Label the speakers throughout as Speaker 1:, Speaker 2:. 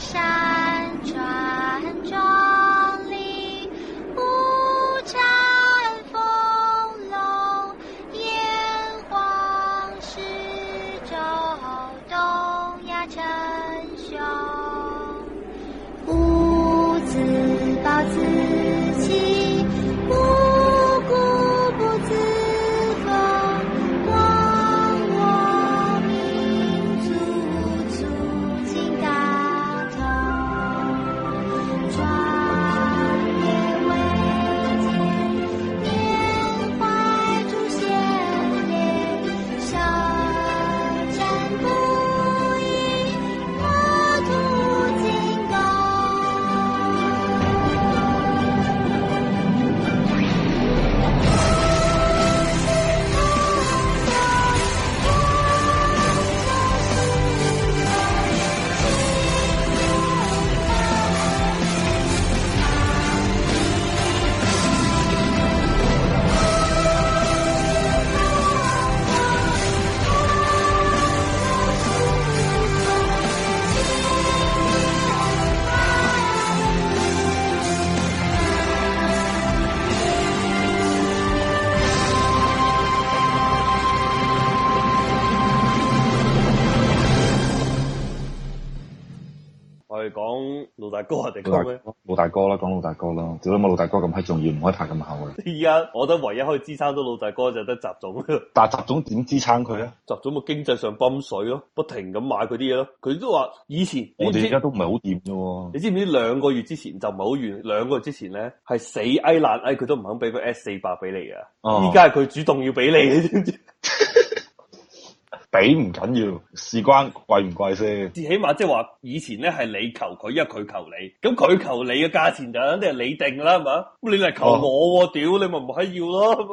Speaker 1: 沙。
Speaker 2: 係講
Speaker 1: 老大哥，我哋老大哥？老大哥啦，講老大哥啦，做解冇老大哥咁係重要，唔可以太咁厚嘅？
Speaker 2: 依家我覺得唯一可以支撐到老大哥就得習總。但
Speaker 1: 係習總點支撐佢咧？
Speaker 2: 習總咪經濟上泵水咯，不停咁買佢啲嘢咯。佢都話以前知知我哋而家都
Speaker 1: 唔係好掂啫。你
Speaker 2: 知唔知兩個月之前就唔係好遠，兩個月之前咧係死嗌爛嗌，佢都唔肯俾個 S 四百俾你噶。依家係佢主動要俾你。你知唔知 俾唔緊要，事關貴唔貴先。至起碼即係話，以前咧係你求佢，因為佢求你，咁佢求你嘅價錢就肯定係你定啦，係嘛？咁你嚟求我，屌、哦、你咪唔係要咯，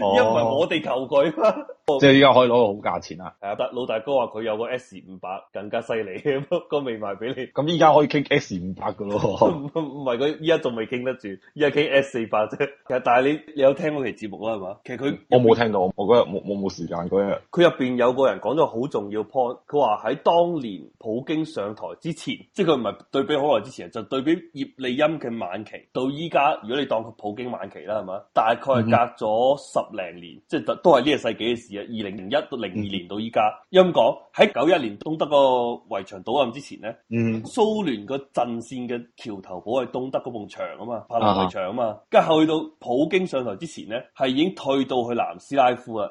Speaker 2: 哦、因為唔係我哋求佢。即係依家可以攞個好價錢啦，係啊，得老大哥話佢有個 S 五百更加犀利，不過未賣俾你。咁依家可以傾 S 五百噶咯，唔係佢依家仲未傾得住，依家傾 S 四百啫。其實但係你,你有聽過期節目啦係嘛？其實佢我冇聽到，我嗰日我沒我
Speaker 1: 冇時間嗰日。
Speaker 2: 佢入邊有個人講咗好重要 point，佢話喺當年普京上台之前，即係佢唔係對比好耐之前就是、對比葉利欽嘅晚期到依家，如果你當佢普京晚期啦係嘛，大概係隔咗十零年，嗯、即係都都係呢個世紀嘅事。二零零一到零二年到依家，咁講喺九一年東德個圍牆倒冧之前咧，嗯、蘇聯個陣線嘅橋頭堡係東德嗰埲牆啊嘛，柏林圍牆啊嘛，跟住去到普京上台之前咧，係已經退到去南斯拉夫啊，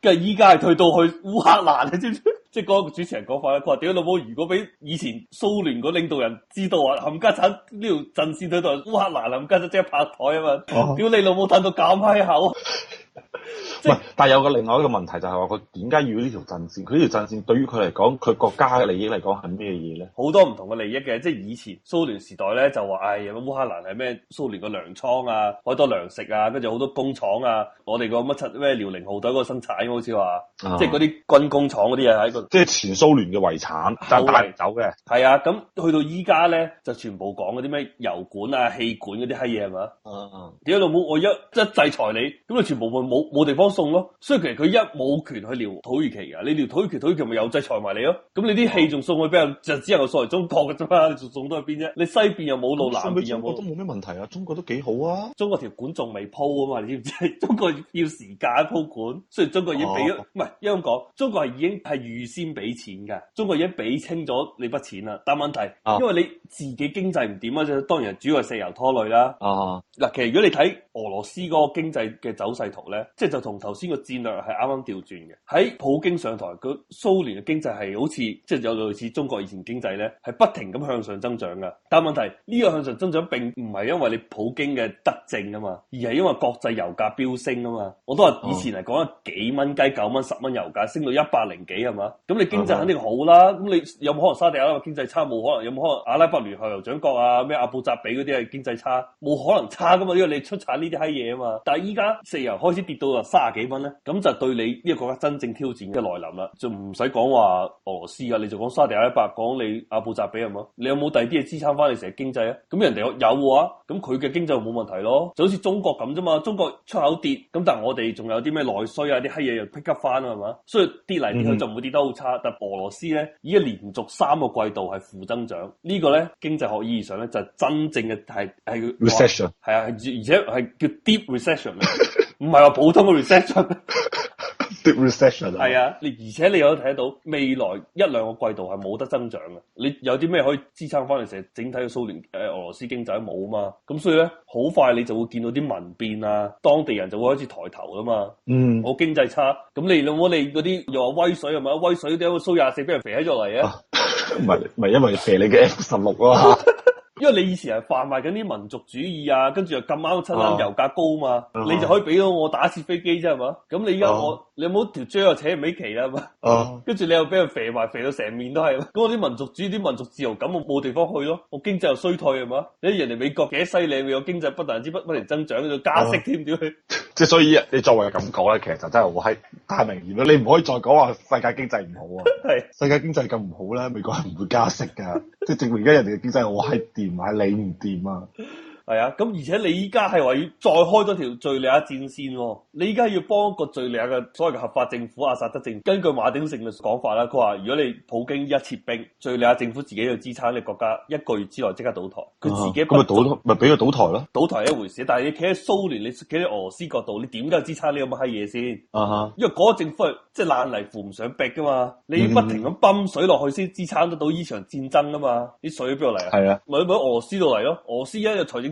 Speaker 2: 跟住依家係退到去烏克蘭你知唔知？即係嗰個主持人講法咧，佢話屌老母，如果俾以前蘇聯嗰領導人知道啊，冚家鏟呢條陣線退到烏克蘭，冚家鏟即刻拍台啊嘛，屌、哦、你老母，等到咁閪口。啊」 唔、就是、但係有個另外一個
Speaker 1: 問題就係話佢點解要呢條陣線？佢呢條陣線對於佢嚟講，佢國家嘅利益嚟講係咩嘢
Speaker 2: 咧？好多唔同嘅利益嘅，即係以前蘇聯時代咧就話，有個烏克蘭係咩蘇聯嘅糧倉啊，好多糧食啊，跟住好多工廠啊，我哋個乜七咩遼寧號隊嗰個生產，好似話，uh huh. 即係嗰啲軍工廠嗰啲嘢喺個，即係
Speaker 1: 前蘇聯嘅遺產，就帶嚟
Speaker 2: 走嘅。係啊，咁去到依家咧就全部講嗰啲咩油管啊、氣管嗰啲黑嘢係嘛？哦，點解老母我一一制裁你，咁你全部冇。冇冇地方送咯，所以其實佢一冇權去撩土耳其嘅，你撩土耳其土耳其咪有制裁埋你咯，咁你啲氣仲送去畀人，就只係送嚟中國嘅啫嘛，你仲送到去邊啫？你西邊又冇路，南邊又冇，中國都冇咩問題啊！中國都幾好啊！中國條管仲未鋪啊嘛，你知唔知？中國要時間鋪管，雖然中國已經俾咗，唔係因為咁講，中國係已經係預先俾錢㗎，中國已經俾清咗你筆錢啦。但問題、啊、因為你自己經濟唔掂啊，即當然主要係石油拖累啦。嗱、啊，啊、其實如果你睇俄羅斯嗰個經濟嘅走勢圖即係就同頭先個戰略係啱啱調轉嘅。喺普京上台，佢蘇聯嘅經濟係好似即係有類似中國以前經濟咧，係不停咁向上增長噶。但係問題呢個向上增長並唔係因為你普京嘅德政啊嘛，而係因為國際油價飆升啊嘛。我都話以前係講緊幾蚊雞、九蚊、十蚊油價升到一百零幾係嘛，咁你經濟肯定好啦。咁你有冇可能沙地啊？經濟差冇可能？有冇可能阿拉伯聯合酋長國啊？咩阿布扎比嗰啲係經濟差冇可能差噶嘛？因為你出產呢啲閪嘢啊嘛。但係依家石油開始。跌到啊三十幾蚊咧，咁就對你呢個國家真正挑戰嘅來臨啦，就唔使講話俄羅斯啊，你就講沙地阿拉伯，講你阿布扎比係嘛，你有冇第二啲嘢支撐翻你成個經濟啊？咁人哋有有嘅話，咁佢嘅經濟冇問題咯，就好似中國咁啫嘛。中國出口跌，咁但係我哋仲有啲咩內需啊，啲黑嘢又 pick up 翻啊，係嘛。所以跌嚟跌去就唔會跌得好差。嗯、哼但係俄羅斯咧，已經連續三個季度係負增長，這個、呢個咧經濟學意義上咧就係、是、真正嘅係係叫 recession，係啊，而且係叫 deep recession。 唔係話普通嘅 recession，big
Speaker 1: recession 啊！係
Speaker 2: 啊，而且你又睇到未來一兩個季度係冇得增長嘅。你有啲咩可以支撐返嚟成？整體嘅蘇聯俄羅斯經濟都冇啊嘛。咁所以呢，好快你就會見到啲民變啊，當地人就會開始抬頭啊嘛。嗯，好經濟差，咁你諗我哋嗰啲又話威水，係咪威水？點解蘇廿四俾人肥喺咗嚟啊？唔係唔
Speaker 1: 係因為肥你嘅 F 十六啊？
Speaker 2: 因為你以前係販賣緊啲民族主義啊，跟住又咁啱出翻油價高嘛，啊、你就可以俾到我打一次飛機啫係嘛。咁你依家我、啊、你冇條蕉、er、又扯唔起旗啦嘛，是啊、跟住你又俾人肥埋肥到成面都係，咁我啲民族主啲民族自由感我冇地方去咯，我經濟又衰退係嘛。你人哋美國幾犀利，有經濟不但之不不停增長，仲加息添點、啊、去。
Speaker 1: 即係所以，你作為咁講咧，其實就真係好閪太明顯啦！你唔可以再講話世界經濟唔好啊，是世界經濟咁唔好咧，美國人唔會加息㗎，即係 證明而家人哋嘅經濟好閪掂啊，係你唔掂啊！
Speaker 2: 係啊，咁而且你依家係話要再開咗條敘利亞戰線喎，哦，你依家要幫個敘利亞嘅所謂嘅合法政府阿薩德政府，根據馬鼎盛嘅講法啦，佢話如果你普京一撤兵，敘利亞政府自己要支撐你國家一個月之內即刻倒台，佢自己咁咪倒
Speaker 1: 咪俾佢倒台咯，
Speaker 2: 倒台一回事，但係你企喺蘇聯，你企喺俄羅斯角度，你點解要支撐呢咁閪嘢先？啊哈因為嗰個政府即係爛泥扶唔上壁噶嘛，你要不停咁泵水落去先支撐得到呢場戰爭噶嘛，啲水邊度嚟啊？係啊，咪喺俄羅斯度嚟咯，俄羅斯一有財政。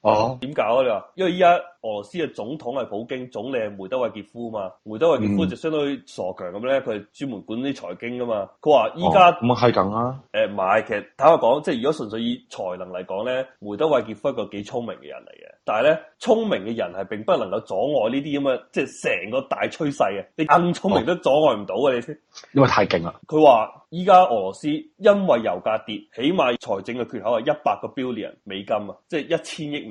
Speaker 2: 哦，點搞啊？你話，因為依家俄羅斯嘅總統係普京，總理係梅德韋傑夫啊嘛。梅德韋傑夫、嗯、就相當於傻強咁咧，佢係專門管啲財經噶嘛。佢話依家咁啊，係咁啊。誒，唔係，其實坦白講，即係如果純粹以才能嚟講咧，梅德韋傑夫係一個幾聰明嘅人嚟嘅。但係咧，聰明嘅人係並不能夠阻礙呢啲咁嘅，即係成個大趨勢啊，你咁聰明都阻礙唔到嘅，哦、你知？因為太勁啦。佢話依家俄羅斯因為油價跌，起碼財政嘅缺口係一百個 billion 美金啊，即係一千億。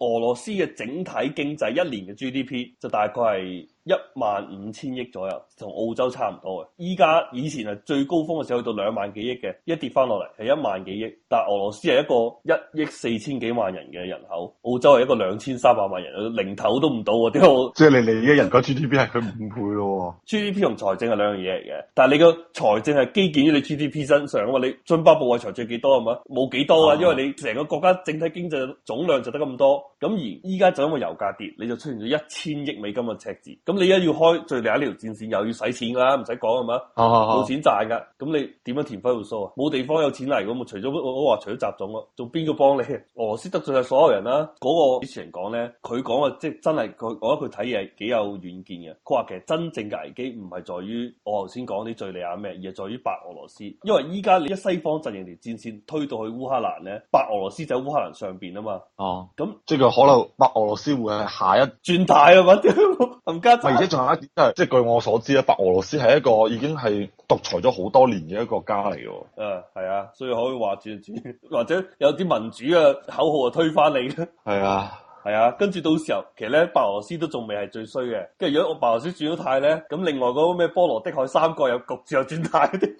Speaker 2: 俄羅斯嘅整體經濟一年嘅 GDP 就大概係一萬五千億左右，同澳洲差唔多嘅。依家以前係最高峰嘅時候去到兩萬幾億嘅，一跌翻落嚟係一萬幾億。但係俄羅斯係一個一億四千幾萬人嘅人口，澳洲係一個兩千三百萬,萬人，零頭都唔到、啊。點解我即係你你一人嘅 GDP 係佢五倍咯。 GDP 同財政係兩樣嘢嚟嘅，但係你個財政係基建於你 GDP 身上啊嘛。你津巴布韋財政幾多係嘛？冇幾多啊，的因為你成個國家整體經濟的總量就得咁多。咁而依家就因為油價跌，你就出現咗一千億美金嘅赤字。咁你一要開敍利亞呢條戰線，又要使錢㗎啦，唔使講係嘛？冇、哦、錢賺㗎。咁、哦、你點樣填窟窿啊？冇地方有錢嚟㗎嘛？除咗我我話除咗習總咯，仲邊個幫你？俄羅斯得罪晒所有人啦、啊。嗰、那個主持人講咧，佢講嘅即係真係佢講一句睇嘢幾有遠見嘅。佢話其實真正嘅危機唔係在於我頭先講啲敍利亞咩，而係在於白俄羅斯。因為依家你一西方陣營條戰線推到去烏克蘭咧，白俄羅斯就喺烏克蘭上邊啊嘛。哦，咁
Speaker 1: 即係。這個可能白俄羅斯會係下一轉態啊嘛，
Speaker 2: 唔 加埋 賊，而且仲有一
Speaker 1: 點即係，即係、據我所知咧，白俄羅斯係一個已經係獨裁咗好多年嘅一個家嚟
Speaker 2: 嘅、啊。嗯，係啊，所以可以話轉轉，或者有啲民主嘅口號推啊，推翻你嘅。係啊，係啊，跟住到時候，其實咧，白俄羅斯都仲未係最衰嘅。跟住如果白俄羅斯轉咗態咧，咁另外嗰個咩波羅的海三國有局之後轉態嗰啲，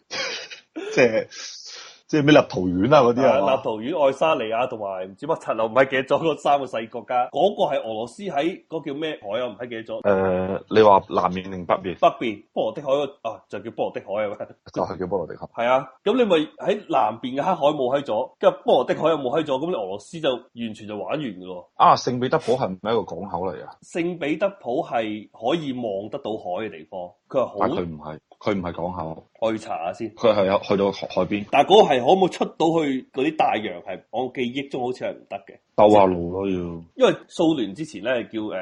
Speaker 2: 正。
Speaker 1: 即係咩立陶宛啊嗰啲啊，啊，立
Speaker 2: 陶宛、愛沙尼亞同埋唔知乜七唔記得咗嗰三個細國家，嗰、那個係俄羅斯喺嗰、那個、叫咩海啊？唔記得咗？誒、呃，
Speaker 1: 你話南面定北面？
Speaker 2: 北邊波羅的海啊，就叫波羅的海啊，
Speaker 1: 就係叫波羅的海。
Speaker 2: 係就啊，咁你咪喺南邊嘅黑海冇喺咗，跟住波羅的海又冇喺咗，咁你俄羅斯就完全就玩完噶咯。啊，
Speaker 1: 聖彼得堡係唔
Speaker 2: 係一個港口嚟啊？聖彼得堡係可以望得到海嘅地方，佢係海，但佢唔係。佢唔係港口，說說我去查一下先。佢係去到海邊，但嗰個係可唔可以出到去嗰啲大洋？係我記憶中好似係唔得嘅。路咯要，因為蘇聯之前咧叫誒，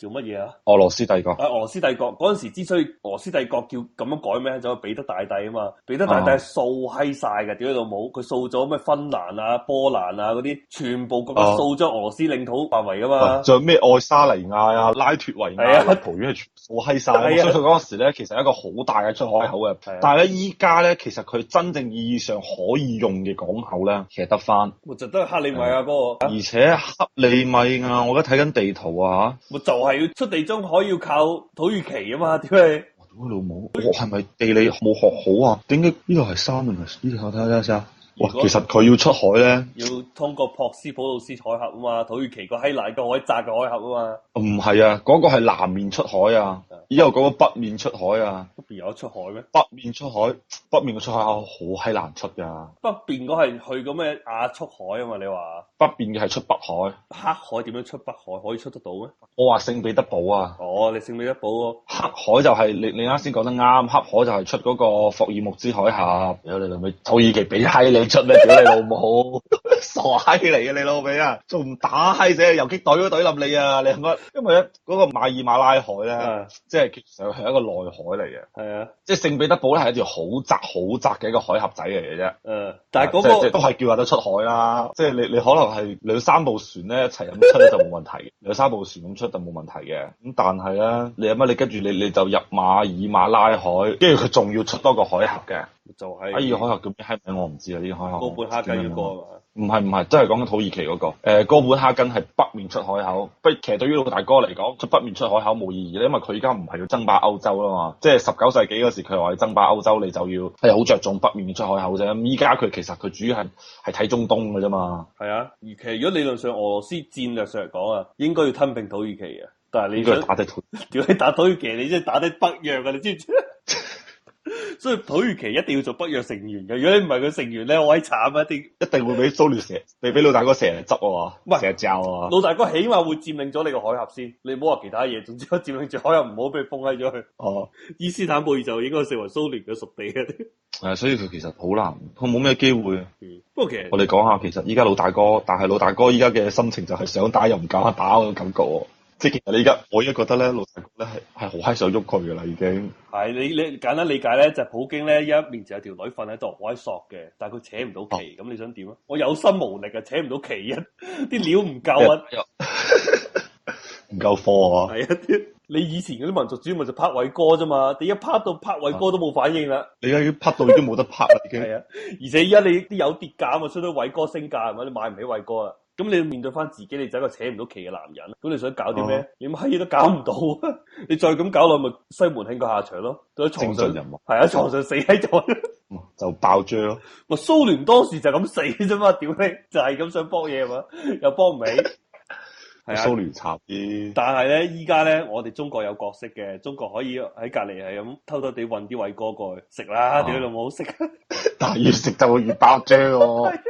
Speaker 2: 叫乜嘢啊？
Speaker 1: 俄羅斯帝國。俄
Speaker 2: 羅斯帝國嗰陣時之所以俄羅斯帝國叫咁樣改名，就係彼得大帝啊嘛。彼得大帝掃閪晒嘅，點都冇，佢掃咗咩芬蘭啊、波蘭啊嗰啲，全部國家掃咗俄羅斯領土範圍啊嘛。
Speaker 1: 仲有咩愛沙尼亞啊、拉脫維尼亞啊，葡萄牙係掃閪晒。所以嗰陣時咧，其實一個好大嘅出海口嘅。但係咧，依家咧，其實佢真正意義上可以用嘅港口咧，其實得翻。
Speaker 2: 就都係克里米亞啊嗰
Speaker 1: 個，而且。黑泥米啊！我而家睇緊地圖啊，
Speaker 2: 我就係要出地中海要靠土耳其啊嘛？點解？我
Speaker 1: 老母，我係
Speaker 2: 咪地理冇學好啊？點解呢度係山啊？呢度我睇下先
Speaker 1: 啊！哇，其實佢要出海咧，
Speaker 2: 要通過博斯普魯斯海峽啊嘛，土耳其個希臘個海窄個海峽啊嘛。
Speaker 1: 唔係啊，嗰、那個係南面出海啊，呢度嗰個北面出海啊，北邊有得出海咩？北面出海，北面嘅出海口好閪難出噶。
Speaker 2: 北邊嗰係去個咩亞出海啊嘛？你話？
Speaker 1: 北邊嘅係出北海，
Speaker 2: 黑海點樣出北海可以出得到呢？
Speaker 1: 我話聖彼得堡啊！哦，你聖彼得堡個黑海就係你你啱先講得啱，黑海就係出嗰個霍爾木茲海峽。有你老味，土耳其俾閪你出咩？屌你老母，傻閪嚟嘅你老味啊！仲打閪死遊擊隊嗰隊冧你啊！你係乜？因為咧嗰個馬爾馬拉海咧，即係其實係一個內海嚟嘅。係啊，即係聖彼得堡咧係一條好窄好窄嘅一個海峽仔嚟嘅啫。嗯，
Speaker 2: 但係嗰個都
Speaker 1: 係叫得出海啦。即係你你可能。係兩三部船咧一齊咁出就冇問題，兩三部船咁出就冇問題嘅。咁但係咧，你有乜你跟住你你就入馬爾馬拉海，跟住佢仲要出多個海峽嘅。
Speaker 2: 就喺阿爾海
Speaker 1: 克叫咩名？我唔知啊。呢、這、啲、個、海峽。哥本哈根嗰個唔係唔係，真係講緊土耳其嗰、那個。誒，哥本哈根係北面出海口，不過其實對於老大哥嚟講，出北面出海口冇意義因為佢而家唔係要爭霸歐洲啊嘛。即係十九世紀嗰時候，佢話要爭霸歐洲，你就要係好着重北面出海口啫。咁依家佢其實佢主要係係睇中東嘅啫嘛。係
Speaker 2: 啊，而其實如果理論上俄羅斯戰略上嚟講啊，應該要吞並土耳其嘅。但係你而家打得，屌你打土耳其，你真係打得北約啊！你知唔知？所以土耳其一定要做北約成員嘅，如果你唔係佢成員咧，我係慘啊，一定一定會俾蘇聯成，被俾老大哥成日嚟執我，成日罩我。啊、老大哥起碼會佔領咗你個海峽先，你唔好話其他嘢，總之佔領住海又唔好俾佢封喺咗去。哦、啊，伊斯坦布爾就應該成為蘇聯嘅屬地
Speaker 1: 嘅、啊。所以佢其實好難，佢冇咩機會。嗯，不過其實我哋講下，其實依家老大哥，但係老大哥依家嘅心情就係想打又唔敢打嗰種感覺。即係其實你而家，我而家覺得咧，老實講咧係係好嗨想喐佢噶啦，已經
Speaker 2: 係你你簡單理解咧，就是、普京咧一面前有條女瞓喺度，好閪索嘅，但係佢扯唔到旗。咁、啊、你想點啊？我有心無力啊，扯唔到旗啊，啲料唔夠啊，唔夠貨啊，係 啊，啊！你以前嗰啲民族主義咪就拍偉哥啫嘛，你一拍到拍偉哥都冇反應啦、啊，你而家拍到都冇得拍啦，已經係啊！而且而家你啲有跌價啊，出到偉哥升價係嘛，你買唔起偉哥啦。咁你要面對翻自己，你就一個扯唔到旗嘅男人。咁你想搞啲咩？乜嘢、uh huh. 都搞唔到。Uh huh. 你再咁搞落，咪西門慶個下場咯。喺床上人係啊，床上死喺度說 就爆漿咯。咪，蘇聯當時就咁死啫嘛，屌你，就係、是、咁想幫嘢嘛， 又幫唔起。蘇聯
Speaker 1: 插啲，
Speaker 2: 但係咧，依家咧，我哋中國有角色嘅，中國可以喺隔籬係咁偷偷地運啲偉哥過去食啦。屌你、uh，huh. 老母好食。 但係
Speaker 1: 越食就會越爆漿喎、啊！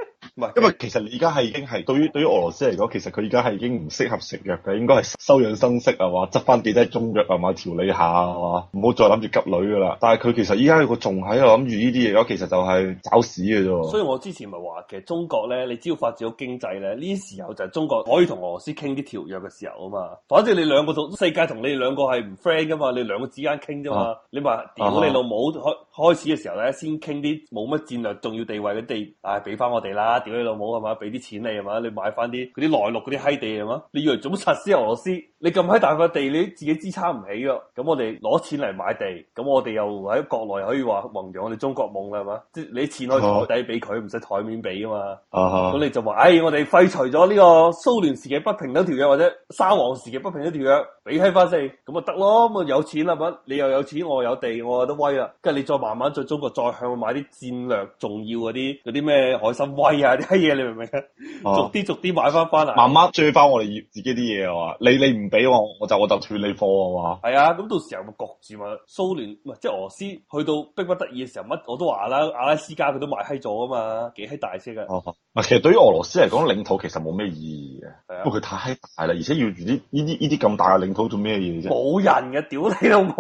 Speaker 1: 因為其實你而家係已經係對於對於俄羅斯嚟講，其實佢而家係已經唔適合食藥嘅，應該係休養生息啊嘛，執翻幾劑中藥啊嘛，調理一下啊嘛，唔好再諗住急女噶啦。但係佢其實而家佢仲喺度諗住呢啲嘢嘅，其實就係找死嘅啫。
Speaker 2: 所以我之前咪話其實，中國咧，你只要發展好經濟咧，呢時候就係中國可以同俄羅斯傾啲條約嘅時候啊嘛。反正你兩個世界同你哋兩個係唔 friend 噶嘛，你兩個之間傾啫嘛。啊、你話點、啊、哈你老母開始嘅時候咧，先傾啲冇乜戰略重要地位嘅地，唉、啊，俾翻我哋啦，屌你老母係嘛，俾啲錢你係嘛，你買翻啲嗰啲內陸嗰啲閪地係嘛，你以為做乜拆撕俄羅斯？你咁閪大塊地，你自己支撐唔起㗎。咁我哋攞錢嚟買地，咁我哋又喺國內可以話宏揚我哋中國夢啦係嘛？即係你錢可以台底俾佢，唔使台面俾啊嘛。咁、啊啊、你就話，唉、哎，我哋廢除咗呢個蘇聯時期不平等條約或者沙皇時期不平等條約，俾閪翻四，咁咪得咯，咁啊有錢啦，你又有錢，我又有地，我有得都威啦，跟住你再慢慢再中國再向買啲戰略重要嗰啲嗰啲咩海參崴啊啲嘢，你明唔明啊？逐啲逐啲買翻翻啊！慢慢
Speaker 1: 追翻我哋自己啲嘢啊嘛！你你唔俾我，我就我就斷你貨啊嘛！
Speaker 2: 係啊！咁到時候咪焗住嘛，蘇聯即係俄羅斯，去到逼不得已嘅時候，乜我都話啦，阿拉斯加佢都賣嗨咗啊嘛，幾閪大車嘅、
Speaker 1: 啊。其實對於俄羅斯嚟講，領土其實冇咩意義嘅，不、啊、為佢太大啦，而且要住啲依啲依啲咁大嘅領土做咩嘢啫？
Speaker 2: 冇人嘅，屌你老母！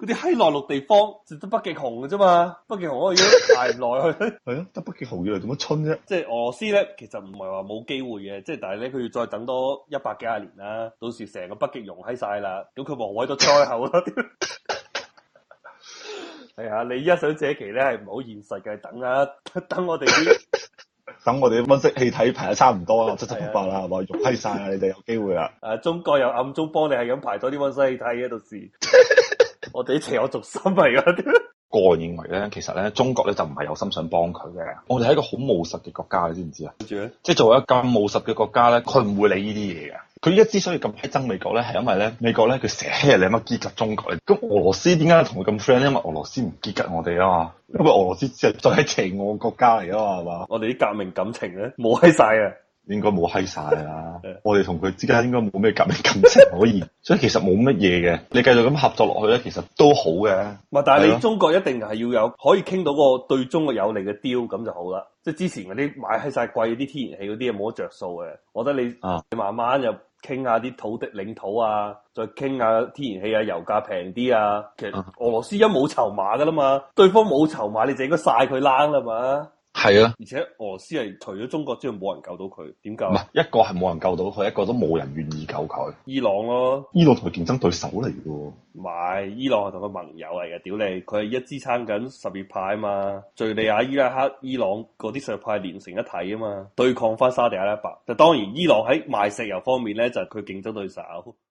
Speaker 2: 嗰啲喺內陸地方，甚至北極熊。啫嘛，北極熊我要排唔耐去？係啊、哎，得北極熊要嚟做乜春啫？即係俄羅斯咧，其實唔係話冇機會嘅，即係但係咧，佢要再等多一百幾廿年啦。到時成個北極融喺晒啦，咁佢無謂咗災後啦。係啊、 哎，你依家想借期咧，係唔好現實嘅，等啊，等我哋啲，
Speaker 1: 等我哋啲溫室氣體排得差唔多啦，七七八八啦，係嘛、哎呀，融喺晒啦，你哋有機會啦。
Speaker 2: 誒、啊，中國又暗中幫你係咁排咗啲溫室氣體啊，到時我哋一齊有族心嚟噶。哎
Speaker 1: 個人認為咧，其實咧，中國咧就唔係有心想幫佢嘅。我哋係一個好務實嘅國家，你知唔知啊？即係作為一個咁務實嘅國家咧，佢唔會理呢啲嘢嘅。佢依家之所以咁係憎美國咧，係因為咧，美國咧佢成日你乜結集中國。咁俄羅斯點解同佢咁 friend 咧？因為俄羅斯唔結集我哋啊嘛。因為俄羅斯只係再喺邪惡國家嚟啊嘛，係嘛？
Speaker 2: 我哋啲革命感情咧
Speaker 1: 冇喺晒啊！應該冇閪晒啦， 我哋同佢之間應該冇咩革命感情可以， 所以其實冇乜嘢嘅。你繼續咁合作落去咧，其實都好嘅。
Speaker 2: 係，但係你中國一定係要有可以傾到個對中國有利嘅 deal 咁就好啦。即係之前嗰啲買閪晒貴啲天然氣嗰啲嘢冇得着數嘅，我覺得你、啊、你慢慢又傾下啲土地領土啊，再傾下天然氣啊，油價平啲啊。其實俄羅斯一冇籌碼噶啦嘛，啊、對方冇籌碼，你就應該晒佢冷啦嘛。係啊，而且俄羅斯係除咗中國之外冇人救到佢，點解？唔係一個係冇人救到佢，一個都冇人願意救佢。伊朗咯，
Speaker 1: 伊朗同佢競爭的對手嚟噶，唔
Speaker 2: 係，伊朗係同佢盟友嚟嘅。屌你，佢係一支撐緊什葉派啊嘛，敘利亞、伊拉克、伊朗嗰啲什葉派連成一體啊嘛，對抗翻沙地阿拉伯。就當然，伊朗喺賣石油方面咧，就係佢競爭對手。